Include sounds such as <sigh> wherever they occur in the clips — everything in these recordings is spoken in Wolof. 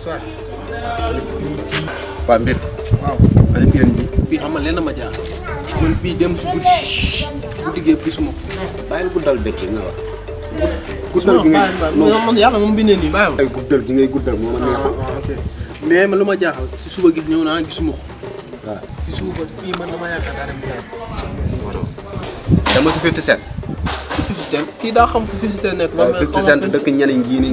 bonsoir waa mbir waaw ana bi yoon ji bi xamal leen ma jaax man bi dem su guddi bu diggee gisuma bàyyil guddal bekki nga wax guddal gi ngay non yàlla moom bindee nii bàyyil guddal gi ngay guddal moo ma neexal mais ma jaaxal si suba gi ñëw naa gisuma ko waaw si suba fii man lama yaakaar daa dem dama si fifty cent fifty cent kii daa xam fu fifty cent nekk ya. fifty cent dëkk ñaniñ gii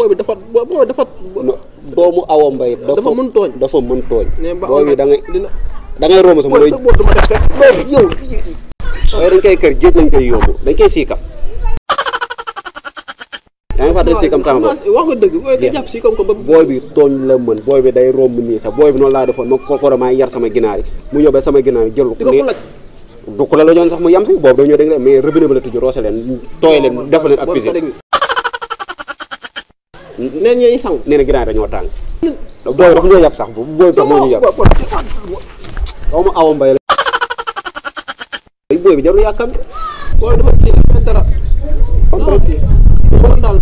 booy bi dafa booy dafa. doomu awa mbay. dafa mën tooñ dafa mën tooñ. booy bi da ngay da ngay romb sax mu lay. yow dañ koy kër jéeg lañ koy yóbbu dañ koy siikam. yaa ngi fàttali siikam temps boobu wax nga dëgg jàpp siikam ko ba. bi tooñ la mën booy bi day romb nii sax booy bi noonu laa defoon ma kokoramaay yar sama ginaar yi mu ñëw ba sama ginaar yi jël ko la la joon sax mu yam si boobu dañoo dégg mais robinet ba la tijji roose leen tooy leen def ak piscine neen ñooy sangu nee na ginaar dañoo tàng. booy dafa ñoo yab sax bu booy sax jarul yàkkam. booy dafa génn dara. kon daal na a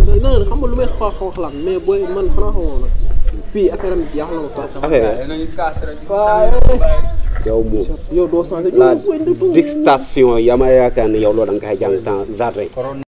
loolu da nga jàng temps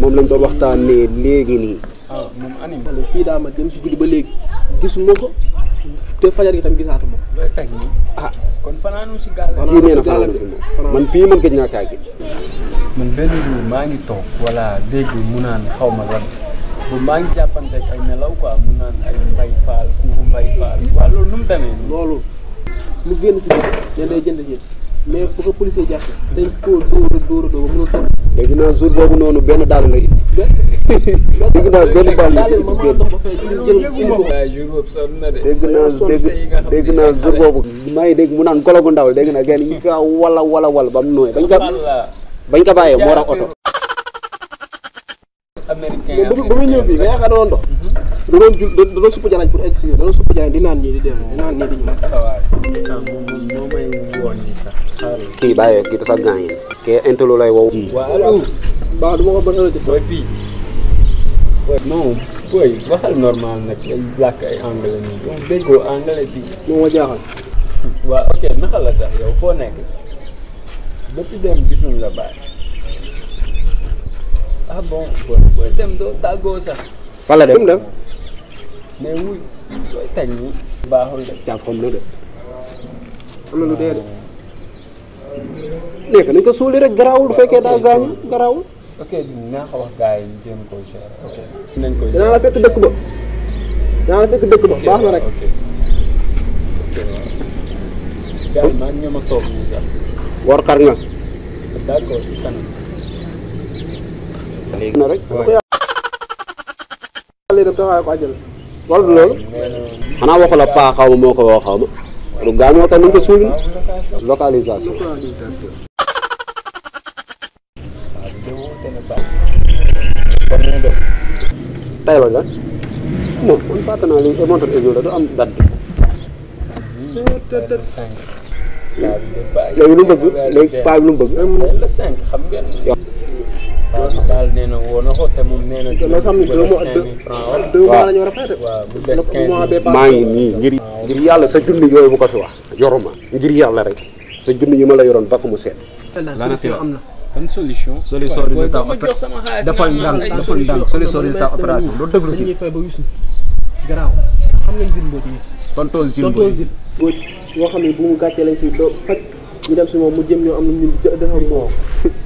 moom lañ doon waxtaanee léegi nii. waaw ah, moom anim. ma ne fii daa ma dem si guddi ba léegi gisuma ko te fajar gi tam gisaatu ma. looy teg nii. ah kon fanaanu si gaal la. nee na fanaanu si moom man fii man gëj naa kaa gis. man benn jour maa ngi toog. wala dégg mu naan xaw ma lan. maa ngi jàppante ak ay nelaw quoi mu naan ay mbay faal kuubu mbay faal. waaw loolu nu mu demee. loolu lu génn si biir day jënd jënd. mais bu ko policier dañ koo dóora dóora doo ba mënul toog. léegi naa noonu benn daal nga indi. dégg naa benn bal nga indi dégg naa dégg boobu. maa ngi dégg mu naan golo gu ndaw dégg naa gën ñu kaa wala wala wala ba mu nooy bañ ka bañ bàyyee moo tax oto. américain bu muy ñëw fii nga yaakaar da doon naan ñii ki baye ki to sagay ke entolo lay wo ji wa alu ba dum ko bëna ci soy pi non boy waxal normal nak ay lak ay anglais ni yow déggo anglais bi mo ma jaaxal wa ok naka la sax yow foo nekk depuis dem gisuñ la baay ah bon boy boy dem doo tàggoo sax wala dem dem mais wuy looy tañ ni baaxul de jàpp xam na de am na lu dee de léegi nañ ko suuli rek du fekkee daa gaañu garaawul. ok ko la fekk dëkk ba dinaa la fekk dëkk ba baax na rek. ok gars yi maa ngi ñoom a na rek. waaw ko loolu. xanaa waxu la moo ko woo ma. lu gaañoo tax nañ localisation. tey la nga moom man fàtte naa léegi montan émission la du am date bi léegi lu mu bëgg léegi paa bi lu mu bëgg waaw daal nee na woo na ko te moom nee na. dina dugal cinq mille francs waaw maa ngi nii ngir. ngir yàlla sa junni yooyu bu ko fi wax yoruma ngir yàlla rek sa junni yi ma la yoroon ba ko mu seet. am na. ban solution. solution résultat opération defal ndànk defal ndànk solution résultat opération loolu dëgg la ci. garaaw xam nañ si mbooj mi. tonton Zil mbooj tonton boo xam ne bu mu gàccee lañ fi do faj ñu dem si moom mu jëm ñoo am lu ñu defal moom. <laughs>